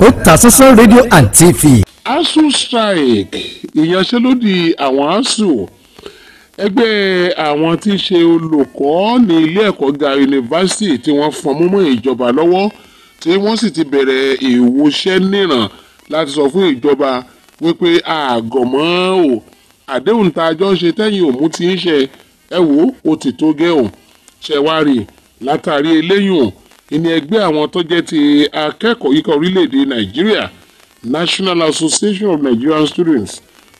Otasansan rédíò and TV. Asu strike ìyanṣẹ́lódì àwọn ASUU ẹgbẹ́ àwọn tí í ṣe olùkọ́ ní ilé ẹ̀kọ́ ga yunifásitì tí wọ́n fọmú mọ́ ìjọba lọ́wọ́ tí wọ́n sì ti bẹ̀rẹ̀ ìwòṣẹ́ nìràn láti sọ fún ìjọba wípé àgọ̀mọ́ o àdéhùn tá a jọ ṣe tẹ́yìn òmú ti ń ṣe ẹ wò ó ti tó gẹ́ ṣẹ̀wárì látàrí eléyùn ìní ẹgbẹ́ àwọn tó jẹ́ ti akẹ́kọ̀ọ́ yíká orílẹ̀-èdè nàìjíríà national association of nigerian students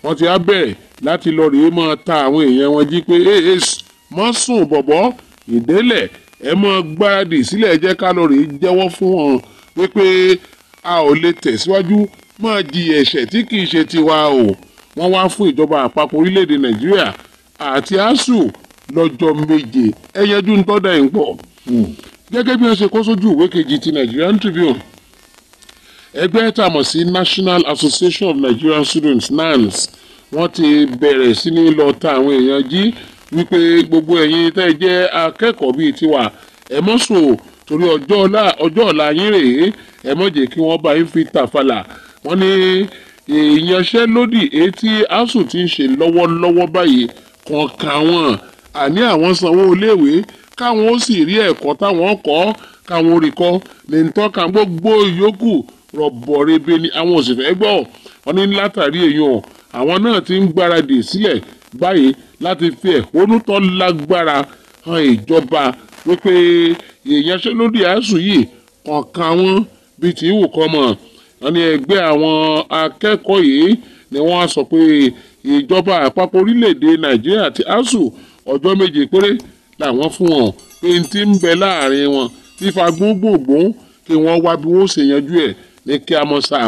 wọ́n ti á bẹ̀rẹ̀ láti lọ rèé máa ta àwọn èèyàn wọn jí pé as má sùn bọ̀bọ̀ ìdélẹ̀ ẹ mọ gbáradì sílẹ̀ jẹ́ ká lọ rèé jẹ́wọ́ fún wọn wípé a ò lè tẹ̀síwájú máa di ẹ̀ṣẹ̀ tí kì í ṣe tiwa o wọ́n wá fún ìjọba àpapọ̀ orílẹ̀-èdè nàìjíríà àti asuu lọ́jọ́ méje ẹ yẹjú ń tọ́da ẹ̀ ń pọ̀ hmm gẹ́gẹ́ bí wọ́n ṣe kó sójú ìwé kejì ti Nigerian Tribune ẹgbẹ́ tá a mọ̀ sí National Association of Nigerian Students NANS wọ́n ti bẹ̀rẹ̀ sí ní lọ ta àwọn èèyàn jí wípé gbogbo ẹ̀yin tẹ́ ẹ jẹ́ akẹ́kọ̀ọ́ bíi tiwa ẹ mọ́ sò torí ọjọ́ ọ̀la ọjọ́ ọ̀la yín rèé ẹ mọ́ jẹ́ kí wọ́n bá yín fi tàfàlà wọ́n ní ìyanṣẹ́lódì èyí tí ASUU ti ń ṣe lọ́wọ́lọ́wọ́ báyìí kọ̀ọ̀kan wọn àní àwọn sanwó iléèwé káwọn ó sì rí ẹ̀kọ́ táwọn kọ́ káwọn rí kọ́ lè ń tọ́ka gbogbo ìyókù rọ̀bọ̀ rebe ni àwọn ò gbọ́ wọn ní látàrí èèyàn àwọn náà ti ń gbáradì sílẹ̀ báyìí láti fi ẹ̀hónú tó lágbára hàn ìjọba wípé ìyanṣẹ́lódì àásùn yìí kọ̀ọ̀kan wọn bíi ti wù kọ́ mọ̀ wọn ní ẹgbẹ́ àwọn akẹ́kọ̀ọ́ yìí ni wọ́n sọ pé ìjọba àpapọ̀ orílẹ̀-èdè nàìjíríà ti asuu ọjọ́ méje péré làwọn fún wọn pé n ti ń bẹ láàrin wọn tí fagbọn gbòngbòn kí wọ́n wá bí wọ́n ṣe yanjú ẹ̀ ní kíámọ́sá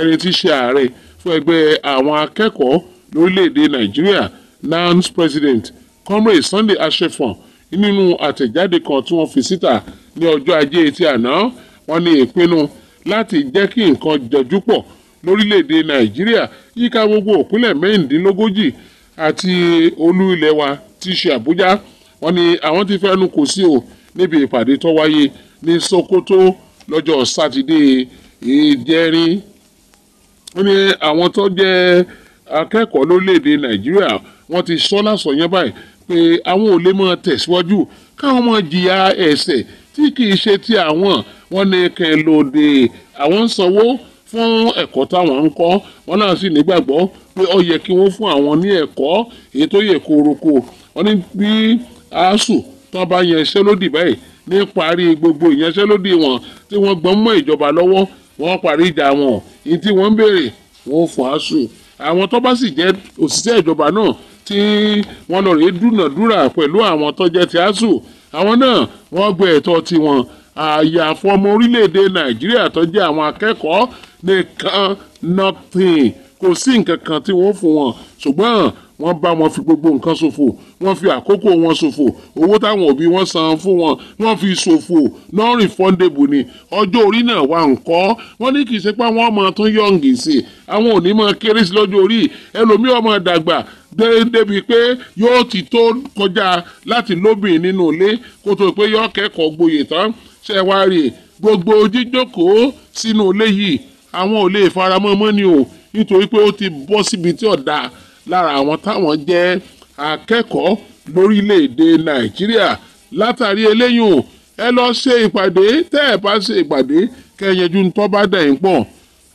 ẹni tí í ṣe ààrẹ fún ẹgbẹ́ àwọn akẹ́kọ̀ọ́ lórílẹ̀ nàìjíríà nans president comrade sunday ashefon nínú àtẹ̀jáde kan tí wọ́n fi síta ní ọjọ́ ajé ti àná wọ́n ní ìpinnu láti jẹ́ kí nǹkan jọjú pọ̀ lórílẹ̀‐èdè nàìjíríà yíká gbogbo òpínlẹ̀ mẹ́rìndínlógójì àti olú ilẹ̀ wa ti ṣe àbújá wọ́n ní àwọn ti fẹ́nu kò sí o níbi ìpàdé tó wáyé ní Sokoto lọ́jọ́ sátidé ìjẹrin wọ́n ní àwọn tó jẹ́ akẹ́kọ̀ọ́ lórílẹ̀‐èdè Nàìjíríà wọ́n ti sọ lásọ yẹn báyìí pé àwọn ò lè mọ tẹ̀síwájú káwọn mọ jìyà ẹ̀ṣẹ̀ tí kì í ṣe ti àwọn wọ́n ní kẹ́ lóde àwọn ń sanwó fún ẹ̀kọ́ táwọn ń kọ́ wọ́n náà sì nígbàgbọ́ pé ó yẹ kí wọ́n fún àwọn ní ẹ̀kọ́ èyí tó yẹ kórokò wọ́n ní bí asuu tó bá yan ìṣẹ́lódì báyìí ní parí gbogbo ìyanṣẹ́lódì wọn tí wọ́n gbọ́n mọ́ ìjọba lọ́wọ́ wọ́n parí ìjà wọn ní tí wọ́n ń béèrè wọ́n fún asuu àwọn tó bá sì jẹ́ òṣìṣẹ́ ìjọba náà tí wọ́n lọ rèé dúnàdúrà pẹ̀lú àwọn tó jẹ́ ti asuu àwọn náà wọ́n gbé ẹ̀tọ́ tiwọn àyàfọ́ ọmọ orílẹ̀-èdè nàìjíríà tó jẹ́ àwọn akẹ́kọ̀ọ́ nìkan nothing kò sí nǹkan kan tí wọ́n fún wọn ṣùgbọ́n wọ́n bá wọn fi gbogbo nǹkan ṣòfò wọ́n fi àkókò wọn ṣòfò owó táwọn òbí wọn san fún wọn wọ́n fi ṣòfò non-refundable ni ọjọ́ orí náà wà ń kọ́ wọ́n ní kì í ṣe pé àwọn ọmọ tún yọ̀ǹgì sí àwọn òní máa kéré sí lọ́jọ́ orí ẹlòmíì ọmọ dàgbà débi pé yóò ti tó kọjá láti lóbìn nínú ilé kó tó pé yóò kẹ́kọ̀ọ́ gboyè tán ṣe wá rè gbogbo jíjókòó sínú ilé yìí àwọn ò lè faramọ́ mọ́ ni o nítorí pé ó ti bọ́ síbi tí ọ̀dà lára àwọn táwọn jẹ́ akẹ́kọ̀ọ́ lórílẹ̀‐èdè nàìjíríà látàrí eléyìí ẹ lọ ṣe ìpàdé tẹ́ ẹ bá ṣe ìpàdé kẹyẹjú ń tọ́ bá dẹ̀yìn pọ̀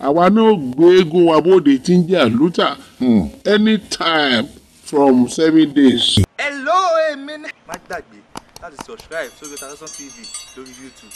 àwa náà gbé eégún abóde tí ń jẹ́ àlùtà hmm. anytime from seven days. hello èmi ni. má gbàgbé láti subscribe sórí Otasansan TV lórí YouTube.